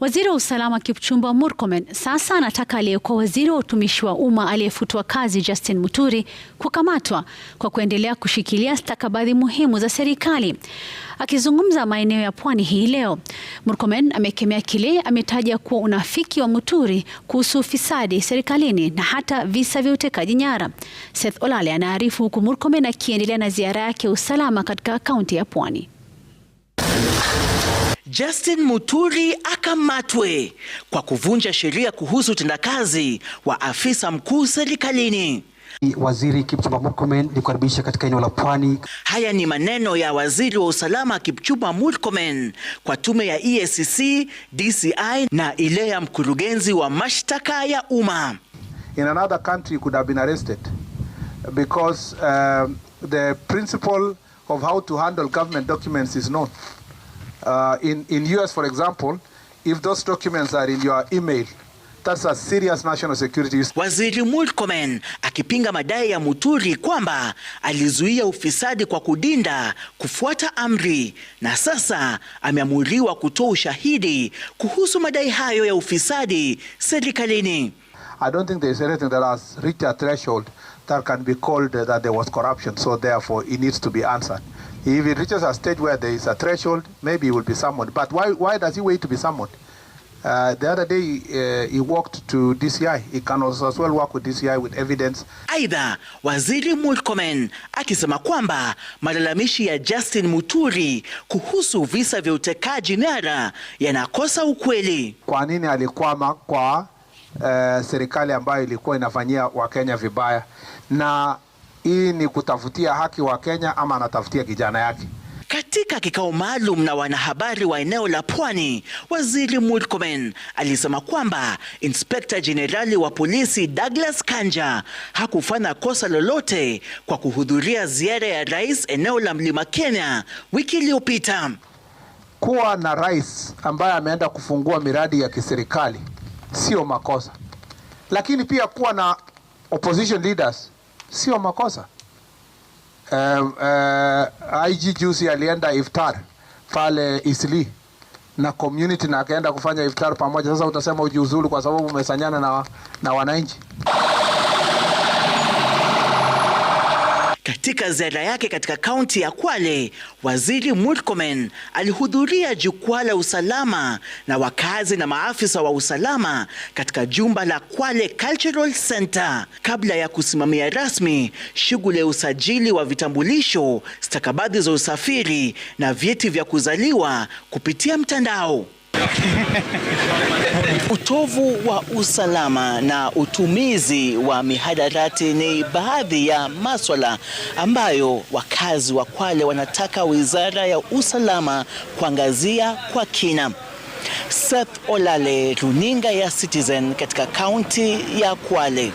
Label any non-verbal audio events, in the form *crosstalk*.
Waziri wa usalama Kipchumba Murkomen sasa anataka aliyekuwa waziri wa utumishi wa umma aliyefutwa kazi Justin Muturi kukamatwa kwa kuendelea kushikilia stakabadhi muhimu za serikali. Akizungumza maeneo ya pwani hii leo, Murkomen amekemea kile ametaja kuwa unafiki wa Muturi kuhusu ufisadi serikalini na hata visa vya utekaji nyara. Seth Olale anaarifu huku Murkomen akiendelea na ziara yake usalama katika kaunti ya Pwani. Justin Muturi akamatwe kwa kuvunja sheria kuhusu utendakazi wa afisa mkuu serikalini. Waziri Kipchumba Murkomen ni kukaribisha katika eneo la Pwani. Haya ni maneno ya waziri wa usalama Kipchumba Murkomen kwa tume ya EACC, DCI na ile ya mkurugenzi wa mashtaka ya umma. In another country could have been arrested because uh, the principle of how to handle government documents is not Uh, in, in US, for example, if those documents are in your email, that's a serious national security. issue. Waziri Murkomen akipinga madai ya Muturi kwamba alizuia ufisadi kwa kudinda kufuata amri na sasa ameamuriwa kutoa ushahidi kuhusu madai hayo ya ufisadi serikalini. I don't think there is anything that has reached a threshold that can be called that there was corruption so therefore it needs to be answered. If he reaches a stage where there is a threshold, maybe he will be summoned. But why, why does he wait to be summoned? Uh, the other day uh, he walked to DCI. He can also as well work with DCI with evidence. Aidha, Waziri Murkomen akisema kwamba malalamishi ya Justin Muturi kuhusu visa vya utekaji nyara yanakosa ukweli. Kwa nini alikwama kwa uh, serikali ambayo ilikuwa inafanyia Wakenya vibaya na hii ni kutafutia haki wa Kenya ama anatafutia kijana yake? Katika kikao maalum na wanahabari wa eneo la Pwani, Waziri Murkomen alisema kwamba Inspekta Jenerali wa polisi Douglas Kanja hakufanya kosa lolote kwa kuhudhuria ziara ya rais eneo la Mlima Kenya wiki iliyopita. Kuwa na rais ambaye ameenda kufungua miradi ya kiserikali sio makosa, lakini pia kuwa na opposition leaders sio makosa. Um, uh, IG juzi alienda iftar pale Isli na community na akaenda kufanya iftar pamoja. Sasa utasema ujiuzulu kwa sababu umesanyana na, na wananchi. Katika ziara yake katika kaunti ya Kwale, Waziri Murkomen alihudhuria jukwaa la usalama na wakazi na maafisa wa usalama katika jumba la Kwale Cultural Center kabla ya kusimamia rasmi shughuli ya usajili wa vitambulisho, stakabadhi za usafiri na vyeti vya kuzaliwa kupitia mtandao. *laughs* Utovu wa usalama na utumizi wa mihadarati ni baadhi ya maswala ambayo wakazi wa Kwale wanataka Wizara ya Usalama kuangazia kwa kina. Seth Olale, runinga ya Citizen katika kaunti ya Kwale.